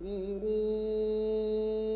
تُمْرُونَ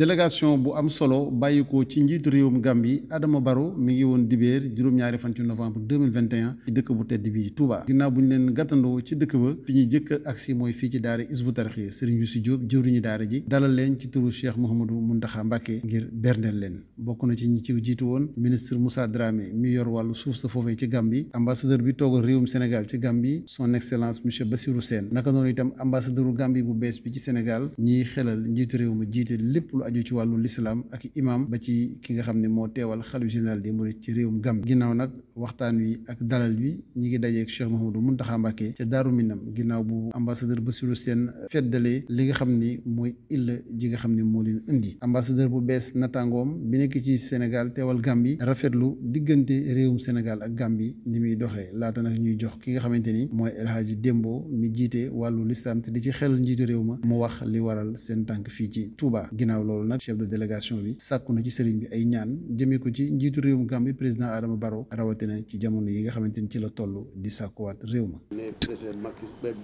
délégation bu am solo bàyyi ko ci njiitu réewum Gambie Adama Barrow mi ngi woon dibéer juróom-ñaari fan ci novembre 2021 ci dëkk bu tedd bi Touba ginnaaw bu ñu leen gàttandoo ci dëkk ba fi ñuy jëkk agsi mooy fii ci daara Hizbut Tarqiyyah Serigne Youssou Diop jëwriñu daara ji dalal leen ci turu Cheikh Mouhamadou Mountakha Mbacké ngir berndeel leen bokk na ci ñi ci jiitu woon ministre Moussa Dramé mi yor wàllu suuf sa foofee ci Gambie ambassadeur bi toogal réewum Sénégal ci Gambie son excellence monsieur Bassirou Sène naka noonu itam ambassadeur Gambie bu bees bi ci Sénégal ñiy xelal njiitu réew mi jiite lépp aju ci wàllu lislaam ak imaam ba ci ki nga xam ne moo teewal xalifa général des mourides ci réewum Gàmbi ginnaaw nag waxtaan wi ak dalal bi ñi ngi dajee dajeek Cheikh Mouhamadou Mountakha Mbacké ca Daaru Minam ginnaaw bu ba Bassirou seen feddalee li nga xam ni mooy illa ji nga xam ne moo leen indi ambassadeur bu bees natangoom bi nekk ci Sénégal teewal Gàmbi rafetlu diggante réewum senegal ak Gàmbi ni muy doxee laata nag ñuy jox ki nga xamante ni mooy El Hadji Dembo mi jiite wàllu lislaam te di ci xel njiitu réew ma mu wax li waral seen fii ci Touba loolu nag chef de délégation bi sàkku na ci sëriñ bi ay ñaan jëmee ko ci njiitu mu Gambie président Adama Barrow rawatina ci jamono yi nga xamante ni ci la toll di sàkkuwaat réew ma. Eh,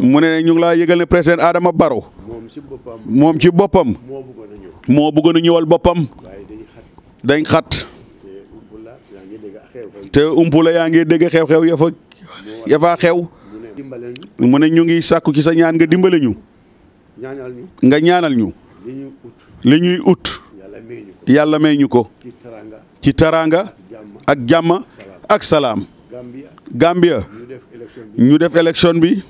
mu ne ñu ngi laa yëgal ne président Adama Barrow. moom ci moom ci boppam. moo bëggoon a ñëwal boppam. dañ xat. te umpula yaa ngi dégg xew-xew ya fa ya faa xew. ne ñu ngi sàkku ci sa ñaan nga dimbale ñu. nga ñaanal ñu. li ñuy ut li ñuy yàlla may ñu ko ci taraanga ak jàmm ak salaam Gambia ñu def élection bi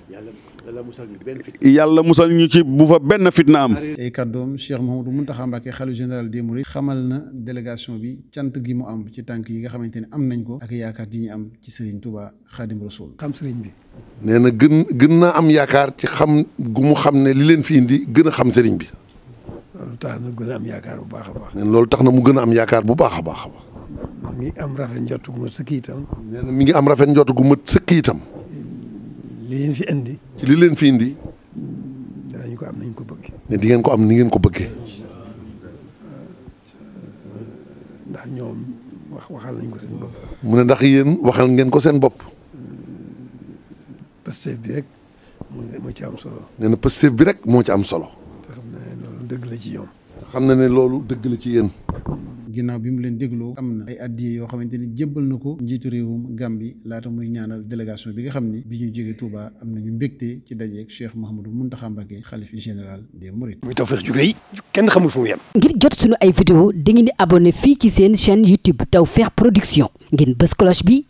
yàlla musal ñu ci bu fa benn fitna am. ay kàddoom Cheikh Mouhamadou Mountakha Mbacké xalifa général des Mourides xamal na délégation bi cant gi mu am ci tànk yi nga xamante ne am nañ ko ak yaakaar ji am ci Serigne Touba Khadim Rasoul. xam Serigne bi. nee na gën gën naa am yaakaar ci xam gu mu xam ne li leen fi indi gën a xam sëriñ bi. tax na gën a am yaakaar bu baax a baax. nee loolu tax na mu gën a am yaakaar bu baax a baax. mi ngi am rafet njott gu sëkk itam. nee na mi ngi am rafet njott gu mat sëkk itam. li leen fi indi. ci li leen fi indi. danañ ko am nañ ko bëggee. ne di ngeen ko am ni ngeen ko bëggee. ndax ñoom wax waxal nañ ko seen bopp. mu ne ndax yéen waxal ngeen ko seen bopp. Pastef bi rek moo ci am solo. nee na Pastef bi rek moo ci am solo. dëgg la ci yow. xam na ne loolu dëgg la ci yéen. ginnaaw bi mu leen dégloo am na ay addiye yoo xamante ni jébbal na ko njiitu réewum Gàmbi laata muy ñaanal délégation bi nga xam ni bi ñu jógee Touba am na ñu mbégte ci dajeeg Cheikh Mouhamadou Mountakha Mbacké xalif général des Mourides. muy Tawfekh ju rëy kenn xamul fu mu ngir jot suñu ay vidéo dangeen di abonné fii ci seen chaîne YouTube Tawfekh Production ngeen bës cloche bi.